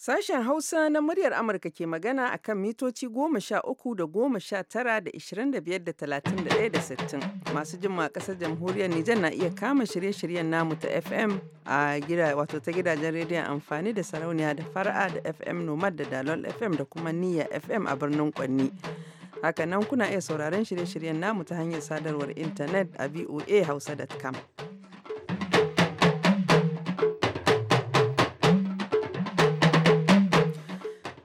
Sashen Hausa na muryar Amurka ke magana a kan mitoci goma sha uku da goma sha tara da ishirin da biyar da talatin da ɗaya da sittin. Masu jimma ƙasar jamhuriyar Nijar na iya kama shirye-shiryen namu ta FM a gida wato ta gidajen rediyon amfani da sarauniya da fara'a da FM Nomad da Dalol FM da kuma Niyya FM a birnin Kwanni. Hakanan kuna iya sauraron shirye-shiryen namu ta hanyar sadarwar intanet a hausa.com.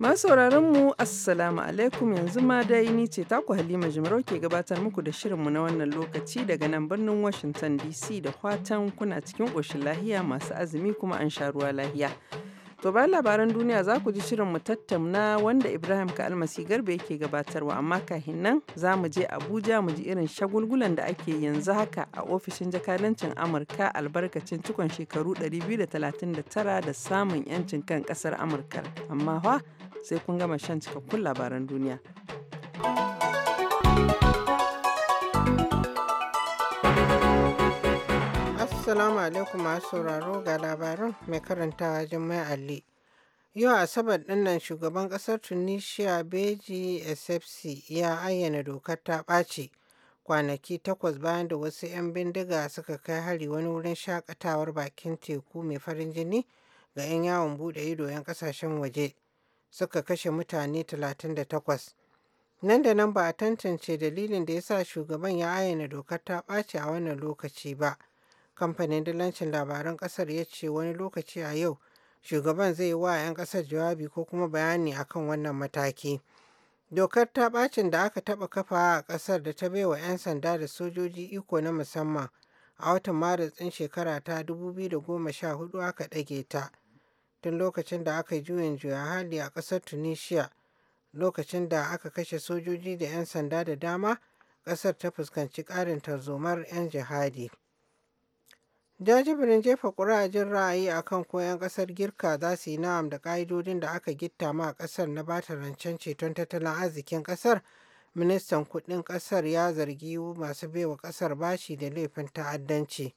Masu mu assalamu alaikum yanzu ma dai ni ce taku Halima Jimarau ke gabatar muku da shirinmu na wannan lokaci daga nan birnin Washington DC da fatan kuna cikin ƙoshin lahiya masu azumi kuma an sha ruwa lahiya. To bayan labaran duniya za ku ji shirin mu tattauna wanda Ibrahim ka almasi Garba yake gabatarwa amma kahin nan za mu je Abuja mu ji irin shagulgulan da ake yanzu haka a ofishin jakadancin Amurka albarkacin cikon shekaru 239 da samun 'yancin kan kasar Amurka. Amma fa sai kun gama shan cikakkun labaran duniya. Assalamu alaikum masu sauraro ga labaran mai karantawa Jummai Ali. Yau Asabar ɗinnan shugaban ƙasar Tunisia Beji SFC ya ayyana dokar ta ɓace kwanaki takwas bayan da wasu 'yan bindiga suka kai hari wani wurin shakatawar bakin teku mai farin jini ga 'yan yawon bude ido 'yan ƙasashen waje. suka kashe mutane 38. Nan da nan ba a tantance dalilin da ya sa shugaban ya ayyana dokar ta ɓaci a wannan lokaci ba. Kamfanin dalancin labaran ƙasar ya ce wani lokaci a yau shugaban zai yi wa 'yan ƙasar jawabi ko kuma bayani akan wannan mataki. Dokar ta ɓacin da aka taɓa kafa a ƙasar da ta baiwa 'yan sanda da sojoji iko na musamman a watan Maris ɗin shekara ta 2014 aka ɗage ta. tun lokacin da aka juyin juya hali a ƙasar tunisia lokacin da aka kashe sojoji da 'yan sanda da dama ƙasar ta fuskanci ƙarin tarzomar 'yan jihadi jajibirin jefa ƙura'ajin ra'ayi a kan koyon ƙasar girka za su yi na'am da ƙa'idodin da aka gitta ma ƙasar na bata rancen ceton tattalin arzikin ƙasar ministan kuɗin ƙasar ya zargi masu baiwa ƙasar bashi da laifin ta'addanci.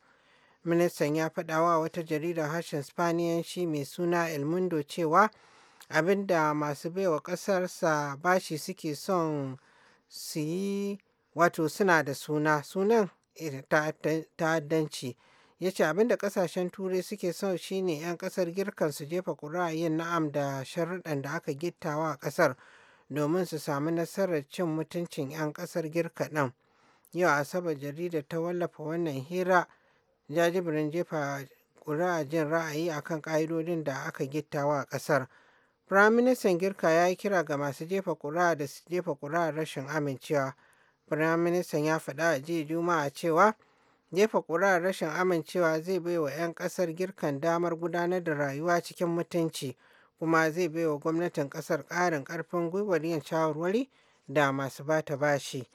ministan ya faɗawa wata jaridar harshen spaniyanci mai suna el mundo cewa abinda masu baiwa ƙasarsa bashi suke son su yi wato suna da suna sunan ta'addanci ya ce abinda ƙasashen turai suke son shine 'yan ƙasar girkan su jefa ƙuri'a yin na'am da sharuɗan da aka gittawa a ƙasar domin su samu nasarar cin mutuncin 'yan ƙasar girka ɗin yau asabar jaridar ta wallafa wannan hira jajibirin jefa ƙuri'a jin ra'ayi akan ƙa'idodin da aka gittawa a ƙasar firaministan girka ya yi kira ga masu jefa kuri'a da su jefa ƙuri'ar rashin amincewa firaministan ya faɗa a jiya juma'a cewa jefa ƙuri'ar rashin amincewa zai bai wa 'yan ƙasar girkan damar gudanar da rayuwa cikin mutunci kuma zai bai wa gwamnatin ƙasar ƙarin ƙarfin gwiwar yin shawarwari da masu bata bashi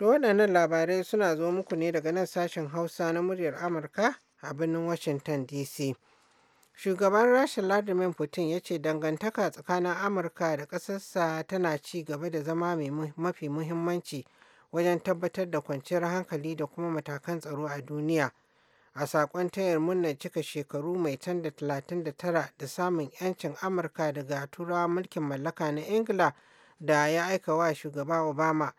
To waɗannan labarai suna zo muku ne daga nan sashen Hausa na muryar Amurka a birnin Washington DC. Shugaban Rasha Vladimir Putin ya ce dangantaka tsakanin Amurka da ƙasarsa tana ci gaba da zama mafi muhimmanci wajen tabbatar da kwanciyar hankali da kuma matakan tsaro a duniya. A saƙon tayar murnar cika shekaru mai can da tara da samun 'yancin Amurka daga turawa mulkin mallaka na Ingila da ya aika wa shugaba Obama.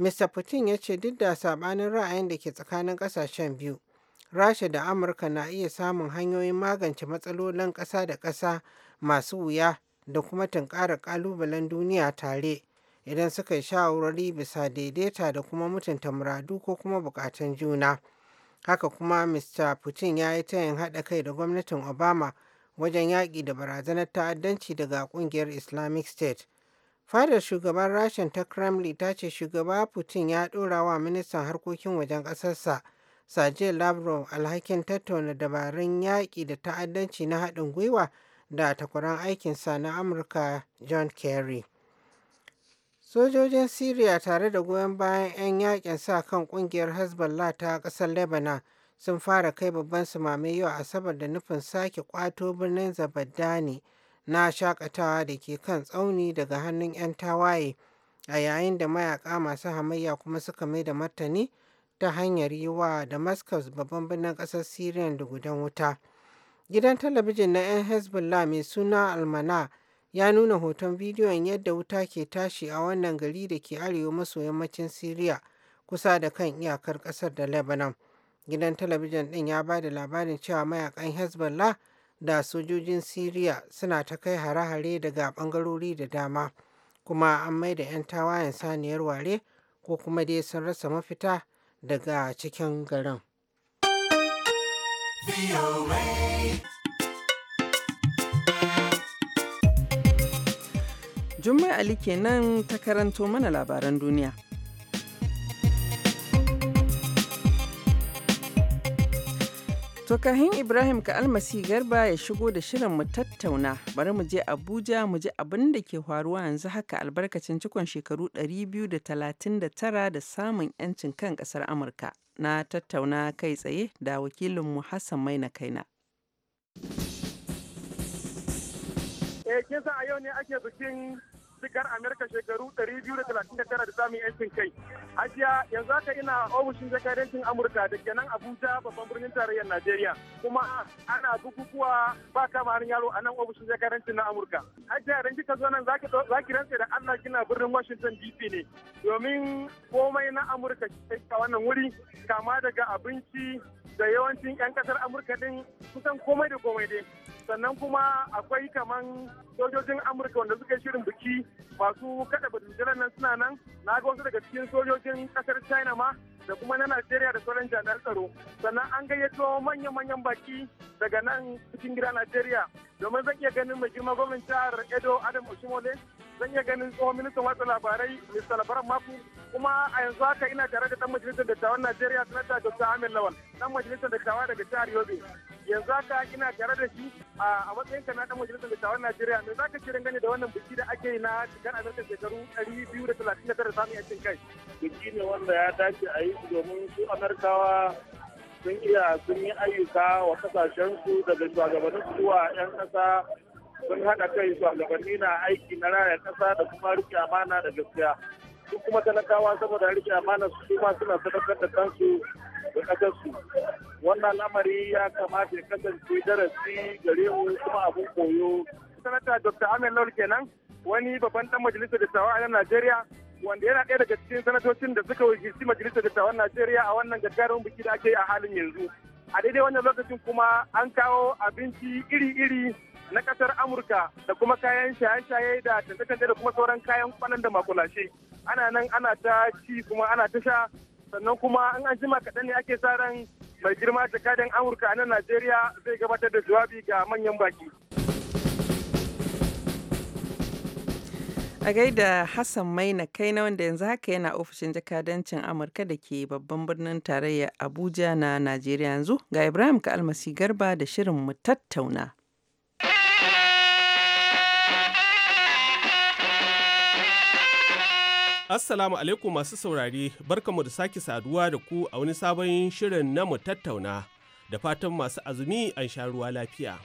Mr. Putin ya ce duk da sabanin ra'ayin da ke tsakanin kasashen biyu, Rasha da Amurka na iya samun hanyoyin magance matsalolin ƙasa da ƙasa masu wuya da kuma tunkarar ƙalubalen duniya tare idan suka yi shawarwari bisa daidaita da kuma mutunta muradu ko kuma buƙatun juna. Haka kuma Mr. Putin ya yi tayin haɗa kai da gwamnatin Obama wajen yaƙi da barazanar ta'addanci daga ƙungiyar Islamic State. Fadar shugaban rashin ta Kremlin ta ce shugaba Putin ya ɗora wa ministan harkokin wajen ƙasarsa Sergei Lavrov alhakin tattauna dabarun yaƙi da ta'addanci na haɗin gwiwa da takwaran aikinsa na Amurka John Kerry. Sojojin Syria tare da goyon bayan 'yan yaƙin sa kan ƙungiyar Hezbollah ta ƙasar Lebanon sun fara kai babban sumame yau Asabar da nufin sake ƙwato birnin Zabaddani na shakatawa da ke kan tsauni daga hannun 'yan tawaye a yayin da mayaka masu hamayya kuma suka mai da martani ta hanyar yi wa damascus babban birnin ƙasar syria da gudan wuta gidan talabijin na 'yan hezbollah mai suna almana ya nuna hoton bidiyon yadda wuta ke tashi a wannan gari da ke arewa maso yammacin syria kusa da kan iyakar ƙasar da lebanon gidan talabijin ɗin ya ba da labarin cewa mayakan hezbollah da sojojin Siriya suna ta kai hare-hare daga ɓangarori da dama, kuma an maida 'yan tawayen saniyar ware ko kuma dai sun rasa mafita daga cikin garin. Jummai Ali kenan ta karanto mana labaran duniya. To kahin Ibrahim ka almasi garba ya shigo da shirin mu tattauna bari mu je Abuja mu ji abin da ke faruwa yanzu haka albarkacin cikon shekaru 239 da samun 'yancin kan kasar Amurka. Na tattauna kai tsaye da wakilin mu Hassan Maina Kaina. Eh, kin san a yau ne ake bikin fafutukar Amerika shekaru 239 da samun yancin kai. ajiya yanzu haka ina ofishin jakadancin Amurka da kenan Abuja babban birnin tarayyar Najeriya. Kuma ana bukukuwa ba kama yaro a nan ofishin jakadancin na Amurka. ajiya idan kika zo nan za ki rantse da Allah kina birnin Washington DC ne. Domin komai na Amurka a wannan wuri kama daga abinci da yawancin 'yan kasar Amurka din kusan komai da komai dai. sannan kuma akwai kaman sojojin amurka wanda suka shirin biki masu kada batutunan nan suna nan na ga wasu daga cikin sojojin kasar china ma da kuma na najeriya da sauran jami'an tsaro sannan an gayyato manyan-manyan baki daga nan cikin gida najeriya domin zan iya ganin mai girma gwamnan jihar edo adam oshimole zan iya ganin tsohon ministan watsa labarai mr labaran mafu kuma a yanzu haka ina tare da dan majalisar dattawan najeriya sanata dr amin lawal dan majalisar dattawa daga jihar yobe yanzu haka ina tare da shi a matsayin ka na dan majalisar dattawan Najeriya me zaka ce dangane da wannan biki da ake yi na cikar Amurka shekaru 239 samun yancin kai biki ne wanda ya dace a yi domin su Amurkawa sun iya sun yi ayyuka wa kasashen kasashensu daga shugabannin zuwa 'yan kasa sun haɗa kai shugabanni na aiki na raya kasa da kuma riƙe amana da gaskiya su kuma talakawa saboda rike amana su kuma suna sadaukar da kansu da kasarsu wannan lamari ya kamata ya kasance darasi gare mu kuma abun koyo sanata dr ahmed lawal kenan wani babban dan majalisar dattawa a najeriya wanda yana ɗaya daga cikin sanatocin da suka wakilci majalisar dattawan najeriya a wannan gaggarin biki da ake yi a halin yanzu a daidai wannan lokacin kuma an kawo abinci iri-iri na kasar amurka da kuma kayan shaye-shaye da tantatance da kuma sauran kayan kwanan da makulashe ana nan ana ta ci kuma ana ta sha sannan kuma in an jima kaɗan ne ake sa ran mai girma jakadan amurka a nan najeriya zai gabatar da jawabi ga manyan baki a gaida hassan maina kai na wanda yanzu haka yana ofishin jakadancin amurka da ke babban birnin tarayya abuja na najeriya yanzu ga ibrahim ka almasi garba da shirin mu tattauna Assalamu alaikum masu saurari, barkamu da sake saduwa da ku a wani sabon shirin na mu tattauna da fatan masu azumi an sha ruwa lafiya.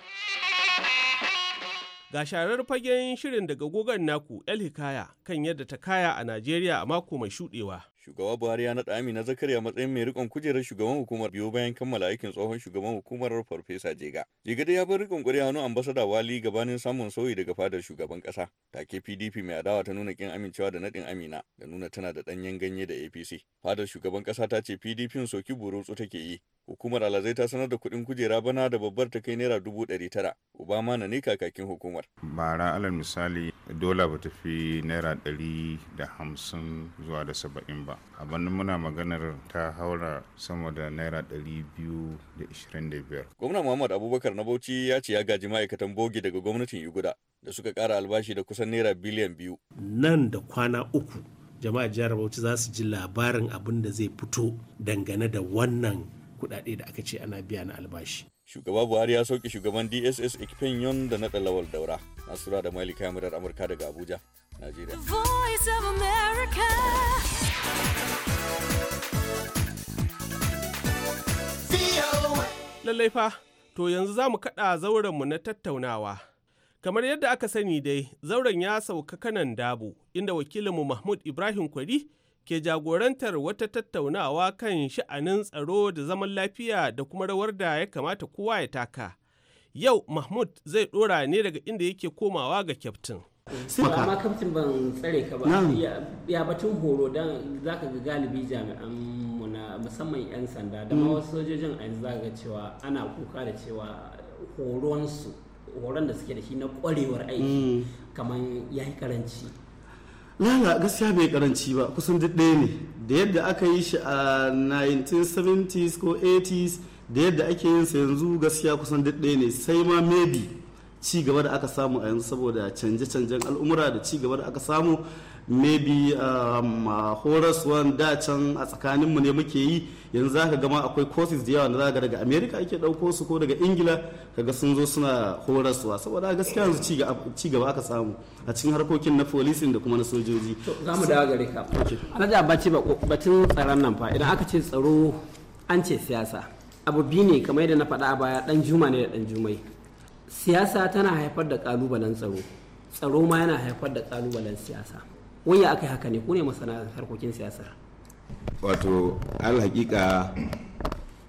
Ga sharar fagen shirin daga gogon naku El Hikaya kan yadda ta kaya a Najeriya a mako mai shuɗewa. Shugaba Buhari ya naɗa Amina Zakari a matsayin mai rikon kujerar shugaban hukumar biyu bayan kammala aikin tsohon shugaban hukumar Farfesa Jega. Jega dai ya bar rikon ƙuri'a hannu ambasada Wali gabanin samun sauyi daga fadar shugaban ƙasa. Take PDP mai adawa ta nuna kin amincewa da naɗin Amina da nuna tana da ɗanyen ganye da APC. Fadar shugaban ƙasa ta ce PDP soki burutsu take yi Hukumar alazai ta sanar da kuɗin kujera bana da babbar ta kai naira dubu ɗari tara. Obama na ne kakakin hukumar. Bara alal misali dola ba ta fi naira ɗari da hamsin zuwa da saba'in ba. Abin muna maganar ta haura sama da naira ɗari biyu da ishirin da biyar. gwamnan Muhammad Abubakar na Bauchi ya ce ya gaji ma'aikatan bogi daga gwamnatin Yuguda da suka kara albashi da kusan naira biliyan biyu. Nan da kwana uku jama'a jihar Bauchi za su ji labarin abin da zai fito dangane da wannan kuɗaɗe da aka ce ana biya na albashi. Shugaba Buhari ya sauke shugaban DSS Ikpenyon da na Dalawal daura. Nasura da Maili Kamilar Amurka daga Abuja, Najeriya. Lallai fa, to yanzu za mu kaɗa zaurenmu na tattaunawa. Kamar yadda aka sani dai, zauren ya sauka kanan dabu, inda wakilinmu Mahmud Ibrahim Kwari ke jagorantar wata tattaunawa kan sha'anin tsaro da zaman lafiya da kuma rawar da ya kamata kowa ya taka. Yau Mahmud zai ɗora ne daga inda yake komawa ga kyaftin. Sima amma kaftin ban tsare ka ba ya batun horo don za ka ga galibi jami'an mu na musamman 'yan sanda da ma mm. wasu sojojin a yanzu za ga cewa ana kuka da cewa su horon da suke da shi na kwarewar aiki mm. kamar ya yi karanci. lala gaskiya bai karanci ba kusan duk ɗaya ne da yadda aka yi shi a 1970s ko 80s da yadda ake yin sa yanzu gaskiya kusan duk ɗaya ne sai ma maybe ci gaba da aka samu a yanzu saboda canje-canjen al'umura da ci gaba da aka samu maybe um, uh, horaswan da can a tsakaninmu ne muke yi yanzu za ka gama akwai courses da yawa na zaga daga america ake ɗauko su ko daga ingila kaga sun zo suna horaswa saboda gaskiya yanzu ci gaba aka samu a cikin harkokin na policing da kuma na sojoji za mu dawo gare ka batun tsaron nan fa idan aka ce tsaro an ce siyasa abu bi ne kamar yadda na faɗa a baya dan juma ne da dan jumai siyasa tana haifar da kalubalen tsaro tsaro ma yana haifar da kalubalen siyasa wai aka haka ne kune masana harkokin siyasa wato alhaƙiƙa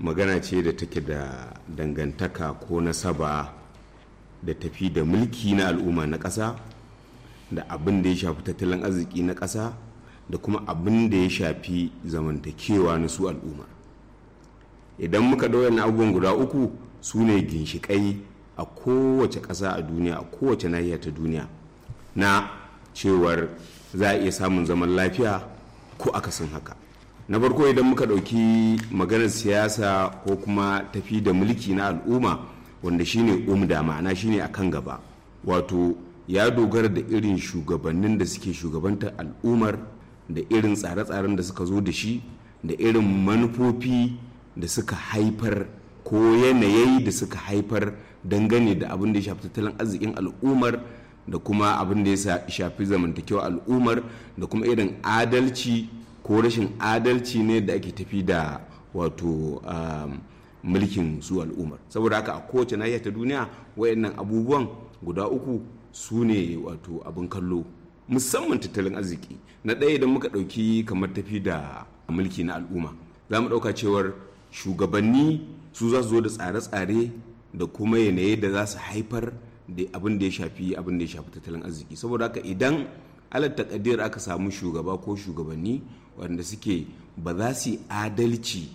magana ce da take da dangantaka ko nasaba da tafi da mulki na al'umma na ƙasa da abin da ya shafi tattalin arziki na ƙasa da kuma abin da ya shafi zamantakewa na su al'umma idan muka ɗaura na abubuwan guda uku su ne ginshiƙai a kowace ƙasa a duniya a kowace nahiya ta duniya na cewar za a iya samun zaman lafiya ko akasin haka na farko idan muka ɗauki maganar siyasa ko kuma tafi da mulki na al'umma wanda shine umda ma'ana shine akan gaba wato ya dogara da irin shugabannin da suke shugabantar al'ummar da irin tsare-tsaren da suka zo da shi da irin manufofi da suka haifar ko yanayi da suka haifar dangane da abin da ya shafi tattalin arzikin al'ummar da kuma abin da ya shafi zamantakewa al'ummar da kuma irin adalci ko rashin adalci ne da ake tafi da wato um, mulkin su al'ummar saboda haka a kowace nahiya ta duniya wayannan abubuwan guda uku su ne wato abin kallo musamman tattalin arziki na ɗaya idan muka ɗauki kamar tafi da mulki na al'umma za mu ɗauka cewar shugabanni su za su zo da tsare-tsare da kuma yanayi da za su haifar da abin da ya shafi abin da ya shafi tattalin arziki saboda haka idan alar takadir aka samu shugaba ko shugabanni wanda suke ba za su adalci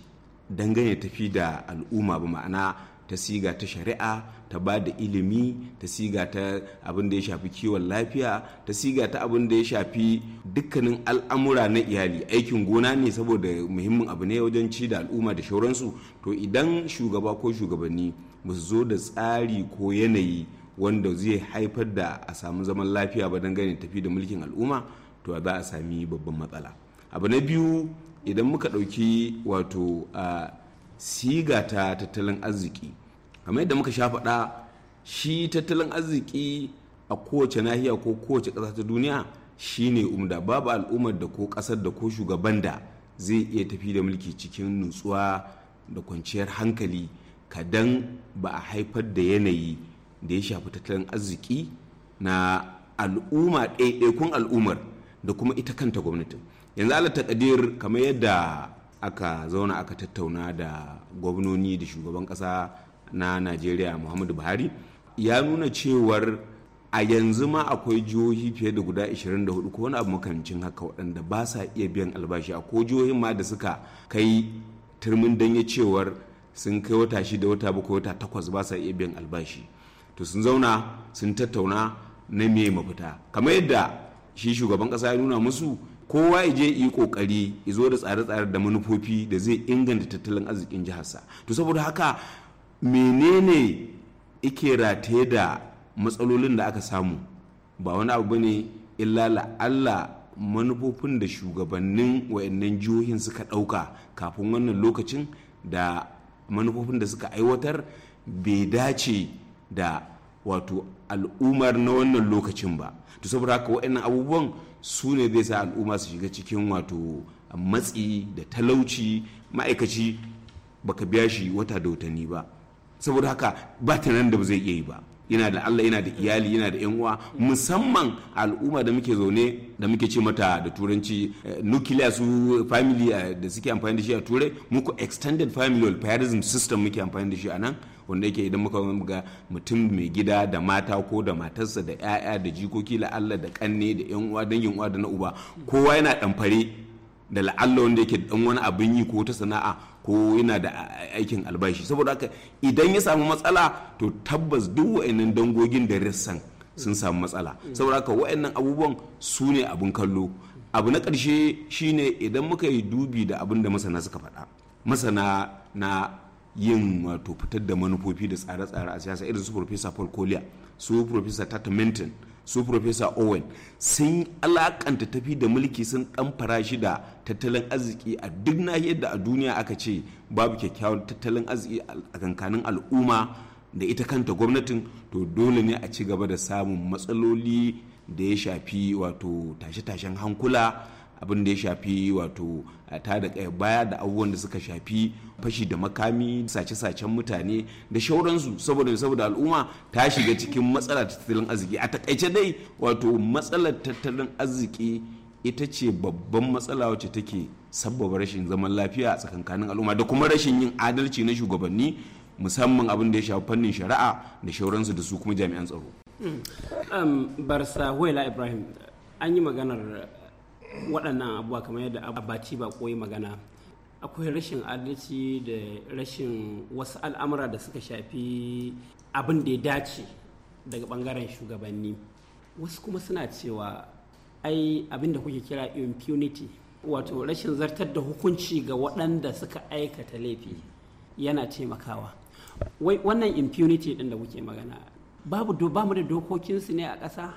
dangane tafi da al'umma ba ma'ana ta siga ta shari'a ta ba da ilimi ta siga ta abin da ya shafi kiwon lafiya ta siga ta abin da ya shafi dukkanin al'amura na iyali aikin gona ne saboda muhimmin abu ne wajen ci da al'umma da shauransu to idan shugaba ko shugabanni ba su zo da tsari ko yanayi wanda zai haifar da a samu zaman lafiya ba dangane tafi da mulkin al'umma to za a sami babban matsala abu na biyu idan muka ɗauki wato a siga ta tattalin arziki kamar yadda muka sha faɗa shi tattalin arziki a kowace nahiya ko kowace ƙasa ta duniya shine umda babu al'ummar da ko ƙasar da ko shugaban da zai iya tafi da mulki cikin nutsuwa da kwanciyar hankali kadan ba a haifar da yanayi da ya shafi tattalin arziki na al'umma ɗaiɗaikun al'ummar da kuma ita kanta gwamnatin yanzu ala takadir kamar yadda aka zauna aka tattauna da gwamnoni da shugaban ƙasa na najeriya muhammadu buhari ya nuna cewar a yanzu ma akwai jihohi fiye da guda 24 ko wani abu makamcin haka waɗanda ba sa iya biyan albashi a ko jihohin ma da suka kai turmin danye cewar sun kai wata shida wata bakwai wata takwas ba sa iya biyan albashi to sun zauna sun tattauna na me mafita kamar yadda shi shugaban kasa ya nuna musu kowa ya je yi kokari ya zo da tsare-tsare da manufofi da zai inganta tattalin arzikin jiharsa to saboda haka menene ike rataye da matsalolin da aka samu ba wani abu bane illa la'alla manufofin da shugabannin wayannan jihohin suka ɗauka kafin wannan lokacin da manufofin da suka aiwatar bai dace da wato al'ummar na wannan lokacin ba to saboda haka wa'annan abubuwan su ne zai sa al'umma su shiga cikin wato matsi da talauci ma'aikaci baka biya shi wata da watanni ba saboda haka ba ta nan da ba zai iya yi ba yana da Allah yana da iyali yana da yan uwa musamman al'umma da muke zaune da muke ce mata da turanci eh, nuclear su family eh, da suke amfani da shi a turai muku extended family parism system muke amfani da shi a nan wanda yake idan muka ga mutum mai gida da mata ko da matarsa da 'ya'ya da jikoki la'alla da kanne da 'yan uwa dangin uwa da na uba kowa yana ɗamfare da la'alla wanda yake dan wani abin yi ko ta sana'a ko yana da aikin albashi saboda haka idan ya samu matsala to tabbas duk wa'annan dangogin da rissan sun samu matsala saboda haka wa'annan abubuwan su ne abin kallo abu na ƙarshe shine idan muka yi dubi da abin da masana suka faɗa masana na yin wato fitar da manufofi da tsare-tsare a siyasa irin su professor paul collier su professor tata minton su professor owen sun alakanta tafi da mulki sun dan farashi da tattalin arziki a duk nahiyar da a duniya aka ce babu kyakkyawan tattalin arziki a kankanin al'umma da ita kanta gwamnatin to dole ne a ci gaba da samun matsaloli da ya shafi wato tashe-tashen hankula abin da ya shafi wato eh, ta da kai baya da abubuwan da suka shafi fashi da makami sace-sacen mutane da shauransu saboda saboda al'umma ta shiga cikin matsalar tattalin arziki a takaice dai wato matsalar tattalin arziki ita ce babban matsala wacce take sabbaba rashin zaman lafiya a tsakankanin al'umma da kuma rashin yin adalci na shugabanni musamman abin da ya shafi fannin shari'a da shauransu da su kuma jami'an tsaro. Hmm. barsa huela ibrahim an yi maganar waɗannan abubuwa kamar yadda abaci ba koyi magana akwai rashin adalci da rashin wasu al'amura da suka shafi abin da ya dace daga ɓangaren shugabanni wasu kuma suna cewa ai abin da kuke kira impunity wato rashin zartar da hukunci ga waɗanda suka aikata laifi yana taimakawa wannan impunity ɗin da kuke magana babu ba da dokokinsu ne a ƙasa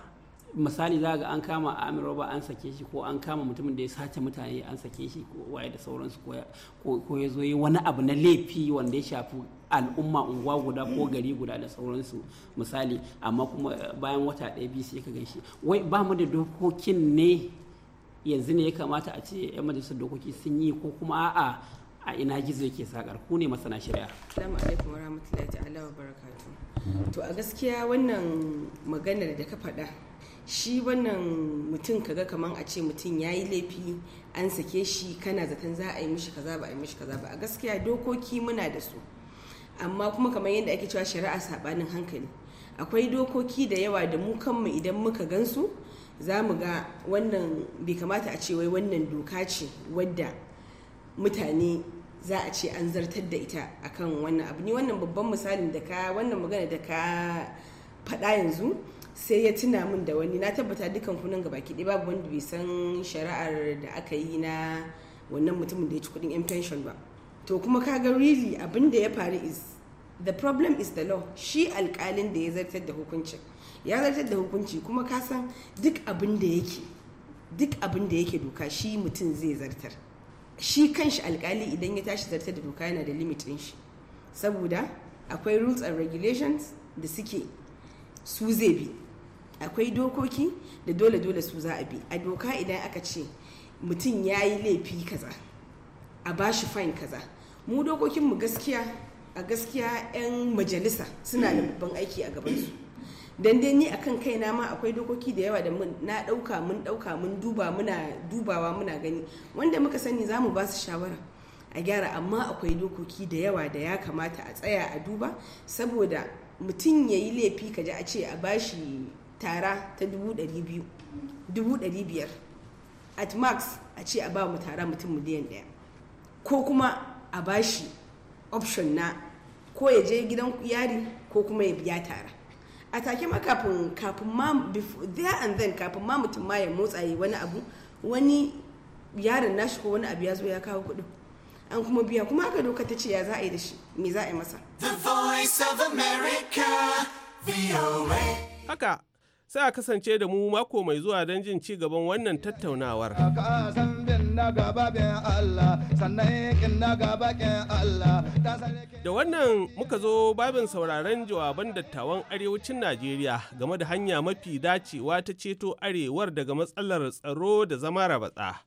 misali za ga an kama amin roba an sake shi ko an kama mutumin da ya sace mutane an sake shi ko waye da sauransu ko ya zo yi wani abu na laifi wanda ya shafi al'umma unguwa guda ko gari guda da sauransu misali amma kuma eh, bayan wata ɗaya biyu sai ka gan shi wai ba mu da dokokin ne yanzu ne ya kamata a ce 'yan majalisar dokoki sun yi ko kuma a'a a ina gizo yake sakar ku ne masana shari'a salamu alaikum warahmatullahi ta'ala wa barakatuh to a gaskiya wannan maganar da ka faɗa shi wannan mutum kaga kaman a ce mutum ya yi laifi an sake shi kana zaton za a yi mishi kaza ba a yi mishi kaza ba a gaskiya dokoki muna da su amma kuma kamar yadda ake cewa shari'a sabanin hankali akwai dokoki da yawa da mu kanmu idan muka gansu za mu ga wannan bai kamata a ce wai wannan doka ce wadda mutane za a ce an zartar da ita akan wannan abu ni wannan babban misalin da ka wannan magana da ka faɗa yanzu sai ya tuna min da wani na tabbata dukan kunan gaba ki babu wanda bai san shari'ar da aka yi na wannan mutumin da ya ci kudin yan pension ba to kuma kaga really abin da ya faru is the problem is the law shi alkalin da ya zartar da hukuncin ya zartar da hukunci kuma ka san duk abin da yake duk abin da yake doka shi mutum zai zartar shi kanshi alkali idan ya tashi zartar da doka yana da limit din shi saboda akwai rules and regulations da suke su zai bi akwai dokoki da dole dole su za a bi a doka idan aka ce mutum ya yi laifi kaza a ba shi fain kaza mu dokokinmu gaskiya a gaskiya 'yan majalisa suna da babban aiki a gabansu dan dai ni akan kaina ma akwai dokoki da yawa da na ɗauka mun ɗauka mun duba muna dubawa muna gani wanda muka sani za mu ba su shawara a gyara amma akwai dokoki da yawa da ya kamata a tsaya a duba saboda mutum ya yi laifi ji a ce a bashi tara ta dubu biyar at max a ce a ba mu tara mutum miliyan ɗaya ko kuma a bashi option na ko ya je gidan yari ko kuma ya biya tara a take ma kafin kafin ma there and then kafin ma mutum ma ya motsa yi wani abu wani yaron nashi ko wani abu ya zo ya kawo kuɗi an kuma biya kuma aka doka ta ce ya za a yi da shi me za a yi masa the voice of america voa haka sai a kasance da mu mako mai zuwa don jin ci gaban wannan tattaunawar. Da wannan muka zo babin sauraron jawaban dattawan arewacin Najeriya game da hanya mafi dacewa ta ceto arewar daga matsalar tsaro da zama rabatsa.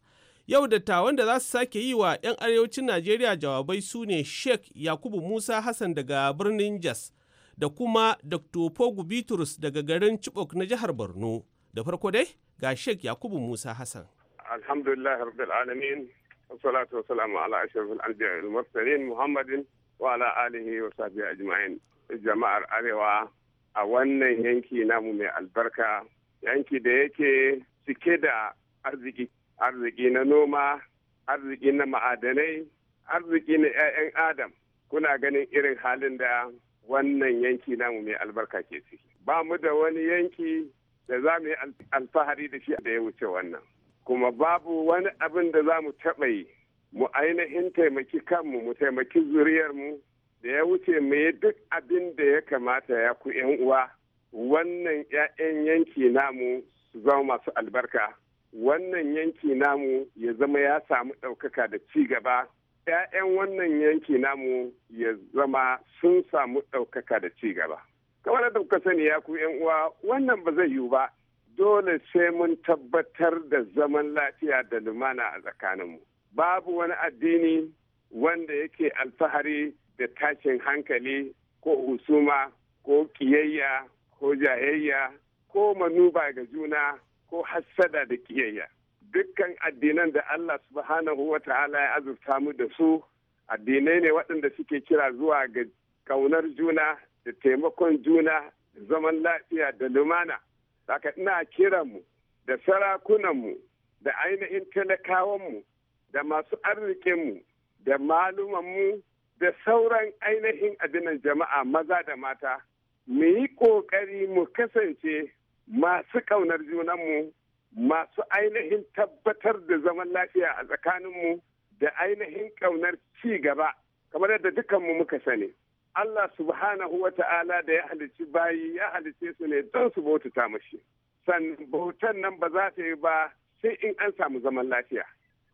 Yau dattawan da za su sake yi wa 'yan arewacin Najeriya jawabai su ne Sheikh Yakubu Musa Hassan daga birnin Jos. da kuma Dr. Pogu Bitrus daga garin Chibok na jihar Borno. Da farko dai ga Sheikh Yakubu Musa Hassan. Alhamdulillah rabbil alamin. Wassalatu wassalamu ala ashrafil anbiya'i wal mursalin Muhammadin wa ala alihi wa sahbihi ajma'in. Jama'ar Arewa a wannan yanki namu mai albarka, yanki da yake cike da arziki, arziki na noma, arziki na ma'adanai, arziki na 'ya'yan Adam. Kuna ganin irin halin da wannan yanki namu mai albarka ke ciki ba mu da wani yanki da za mu yi alfahari da shi da ya wuce wannan kuma babu wani abin da za mu taɓa yi mu ainihin taimaki kanmu mu taimaki zuriyarmu da ya wuce mu yi duk abin da ya kamata ya ku yan uwa wannan 'ya'yan yanki namu su zama masu albarka wannan yanki namu ya zama ya samu ɗaukaka da ci gaba 'ya'yan wannan yanki namu ya zama sun samu ɗaukaka da ci gaba. Kamar da kuka sani ya ku 'yan uwa wannan ba zai yiwu ba dole sai mun tabbatar da zaman lafiya da lumana a tsakaninmu. Babu wani addini wanda yake alfahari da tashin hankali ko husuma ko Kiyayya ko jayayya ko manuba ga juna ko hassada da ƙiyayya. dukkan addinan da Allah subhanahu wa ta'ala ya azurta mu da su addinai ne waɗanda suke kira zuwa ga kaunar juna da taimakon juna da zaman lafiya da lumana Saka ina mu da sarakunan mu da ainihin mu da masu arzikinmu da malumanmu da sauran ainihin addinan jama'a maza da mata mu yi ƙoƙari mu kasance masu ƙaunar mu. masu ainihin tabbatar da zaman lafiya a tsakaninmu da ainihin ƙaunar ci gaba kamar yadda dukanmu muka sani Allah subhanahu wa ta'ala da ya halicci bayi ya halicce su ne don su bautata mashi sannan bautan nan ba za ta yi ba sai in an samu zaman lafiya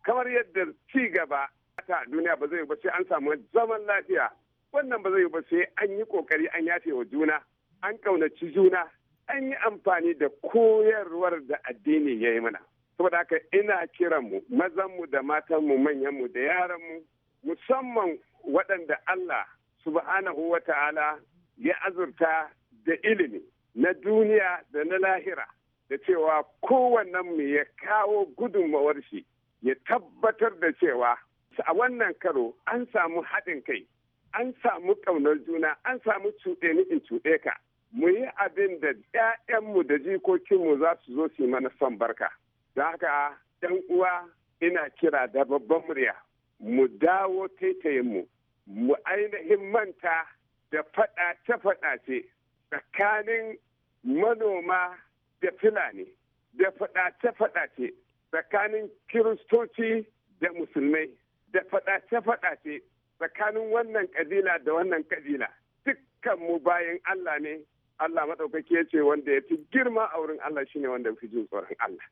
kamar yadda ci gaba ta duniya ba zai ba sai an samu zaman lafiya wannan ba zai ba sai an yi kokari an yafe wa juna an ƙaunaci juna an yi amfani da koyarwar da addini ya yi mana saboda haka ina kiranmu mazanmu da matanmu manyanmu da yaranmu musamman waɗanda Allah subhanahu wa ta'ala ya azurta da ilimi na duniya da na lahira da cewa kowannenmu ya kawo gudunmawar shi ya tabbatar da cewa a wannan karo an samu haɗin kai an samu ƙaunar juna an samu cuɗe ni in cuɗe ka mu yi abin da 'ya'yanmu da jikokinmu za su zo su yi mana barka da haka 'yan uwa ina kira da babban murya mu dawo taitayinmu mu ainihin manta da faɗace-faɗace tsakanin manoma da fulani da faɗace-faɗace tsakanin kiristoci da musulmai da faɗace-faɗace tsakanin wannan ƙabila da wannan ƙabila dukkanmu bayan Allah ne Allah maɗaukaki ya ce wanda ya fi girma a wurin Allah shine wanda fi jin tsoron Allah.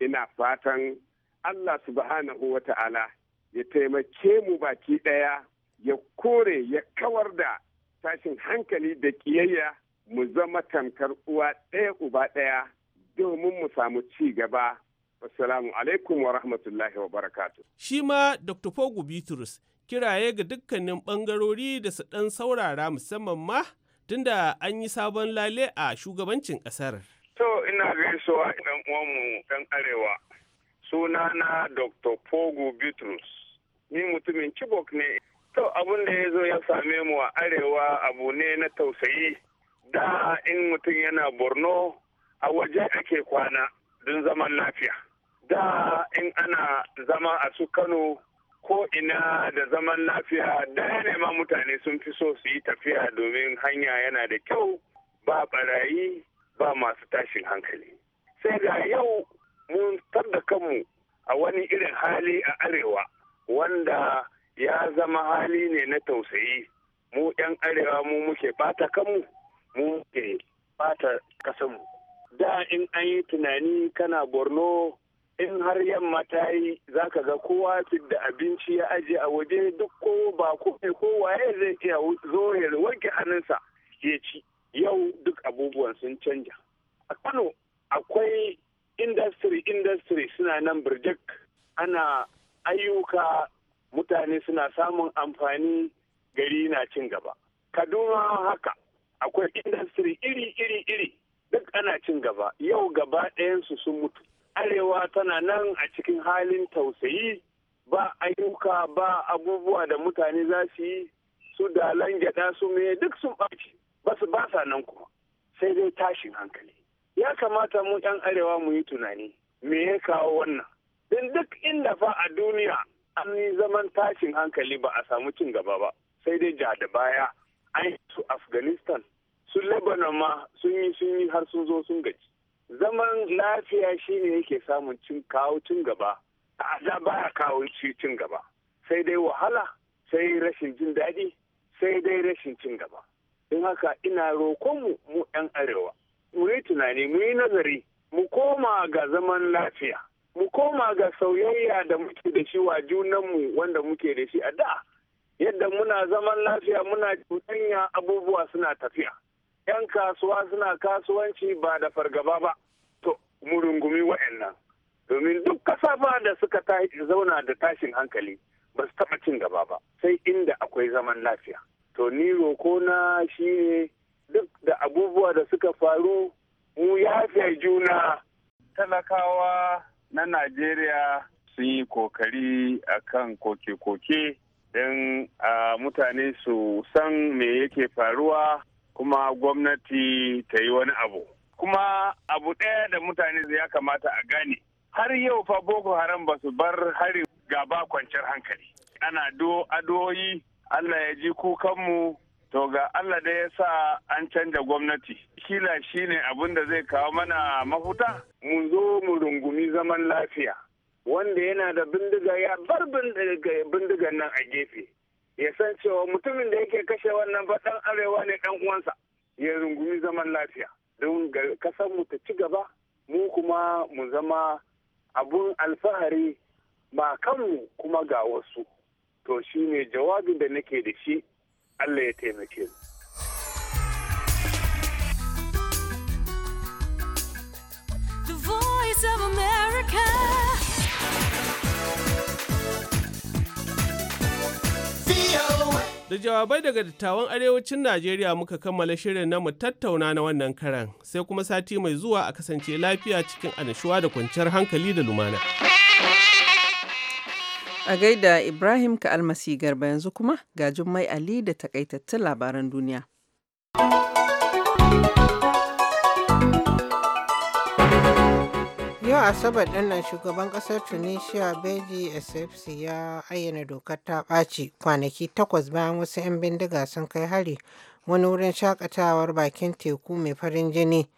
Ina fatan Allah subhanahu wa ta'ala ya taimake mu baki ɗaya ya kore ya kawar da tashin hankali da ƙiyayya mu zama tamkar uwa ɗaya uba ɗaya domin mu samu ci gaba. Assalamu alaikum wa rahmatullahi wa barakatu. Shi ma Dr. Fogu Bitrus kiraye ga dukkanin ɓangarori da su ɗan saurara musamman ma tunda an yi sabon lale a shugabancin kasar. To ina gaisuwa ɗan uwanmu ɗan arewa suna na Dr. Pogu Bitrus ni mutumin Chibok ne. To abin da ya zo ya same mu a arewa abu ne na tausayi da in mutum yana Borno a waje ake kwana don zaman lafiya. Da in ana zama a su Kano ko ina da zaman lafiya da ne ma mutane sun fi so su yi tafiya domin hanya yana da kyau ba barayi ba masu tashin hankali sai ga yau mun da kanmu a wani irin hali a arewa wanda ya zama hali ne na tausayi mu 'yan arewa mu muke bata kanmu mu muke bata kasanmu da in an yi tunani kana borno in har yamma ta yi za ka ga kowa da abinci ya aje a waje duk ko ba ko kowa ya zai iya zo ya wanke hannunsa ya ci yau duk abubuwan sun canja a kano akwai industry industry suna nan birjik ana ayyuka mutane suna samun amfani gari na cin gaba kaduna haka akwai industry iri iri iri duk ana cin gaba yau gaba ɗayansu sun mutu arewa tana nan a cikin halin tausayi ba ayyuka ba abubuwa da mutane za su yi su dalan gyada su me duk sun ɓaci ba su ba sa nan kuma sai dai tashin hankali ya kamata mu yan arewa mu yi tunani me ya kawo wannan don duk inda fa a duniya an yi zaman tashin hankali ba a samu cin gaba ba sai dai ja da baya an yi su afghanistan su lebanon ma sun yi sun yi har sun zo sun gaji zaman lafiya shine yake samun cin kawo cin gaba a baya kawo cin gaba sai dai wahala sai rashin jin daɗi sai dai rashin cin gaba In haka ina roƙonmu mu 'yan arewa mu yi tunani mu yi nazari mu koma ga zaman lafiya mu koma ga sauyayya da muke da shi wa junanmu wanda muke da shi a da yadda muna zaman lafiya muna cutanya abubuwa suna tafiya 'yan kasuwa suna kasuwanci ba da fargaba ba to murungumi wa'annan domin duk kasa ba da suka zauna da tashin hankali ba su taɓa cin gaba ba sai inda akwai zaman lafiya to ni roko na ne duk da abubuwa da suka faru mu yafe juna talakawa na najeriya sun yi kokari akan koke-koke don mutane su san me yake faruwa kuma gwamnati ta yi wani abu kuma abu ɗaya da mutane ya kamata a gane har yau fa boko haram ba su bar hari gaba kwanciyar hankali ana adoyi allah ya ji kukanmu to ga allah da ya sa an canja gwamnati kila shine abin da zai kawo mana mafuta mu zo mu rungumi zaman lafiya wanda yana da bindiga ya bar bindigan nan a gefe ya san cewa mutumin da yake kashe wannan ba dan arewa ne ɗan uwansa ya rungumi zaman lafiya don kasar mu ta ci gaba mu kuma mu zama abun alfahari ba kanmu kuma ga wasu to shine jawabin da nake da shi Allah ya taimake mu Da jawabai daga dattawan arewacin Najeriya muka kammala shirin na mu tattauna na wannan karan sai kuma sati mai zuwa a kasance lafiya cikin anashuwa da kwanciyar hankali da lumana. A gaida Ibrahim ka almasi garba yanzu kuma ga Jummai Ali da takaitattun labaran duniya. yau asabar ɗannan shugaban ƙasar tunisia beji sfc ya ayyana dokar ta ɓaci kwanaki takwas bayan wasu 'yan bindiga sun kai hari wani wurin shakatawar bakin teku mai farin jini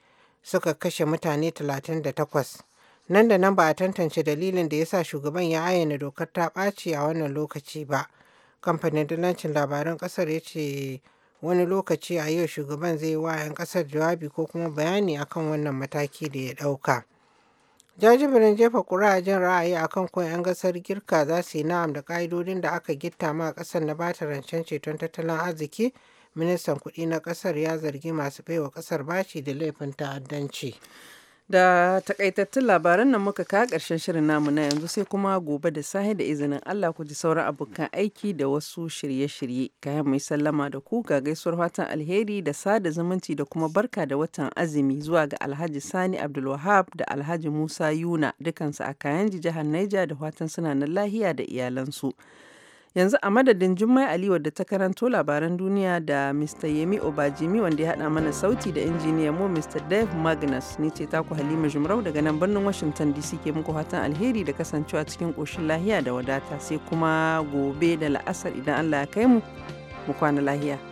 suka kashe mutane 38 nan da nan ba a tantance dalilin da ya sa shugaban ya ayyana dokar ta ɓaci a wannan lokaci ba kamfanin dalancin labaran ƙasar ya ce wani lokaci a yau shugaban zai yi wa 'yan ƙasar jawabi ko kuma bayani akan wannan mataki da ya ɗauka. Jajibirin jefa ƙuri'a jin ra'ayi a kan koyon gasar Girka za su yi na'am da ƙa'idodin da aka gitta ma ƙasar na bata rancen ceton tattalin arziki, ministan kuɗi na ƙasar ya zargi masu baiwa ƙasar bashi da laifin ta'addanci. Da takaitattun labaran nan muka kawo ƙarshen shirin namu na yanzu sai kuma gobe da sahi da izinin Allah ku ji sauran abokan aiki da wasu shirye-shirye. Kayan mai sallama da ku ga gaisuwar watan alheri da sada zumunci da kuma barka da watan azumi zuwa ga Alhaji Sani Abdulwahab da Alhaji Musa Yuna dukansu a kayan jihar Naija da watan suna nan lahiya da iyalansu. Yanzu a madadin Jummai Ali da ta karanto labaran duniya da Mr. Yemi Obajimi wanda ya hada mana sauti da injiniyan mu Mr. Dave Magnus ni ce taku Halima Jumrau daga nan birnin Washington DC ke muku fatan alheri da kasancewa cikin koshin lahiya da wadata sai kuma gobe da la'asar idan Allah ya kai mu mu kwana lahiya.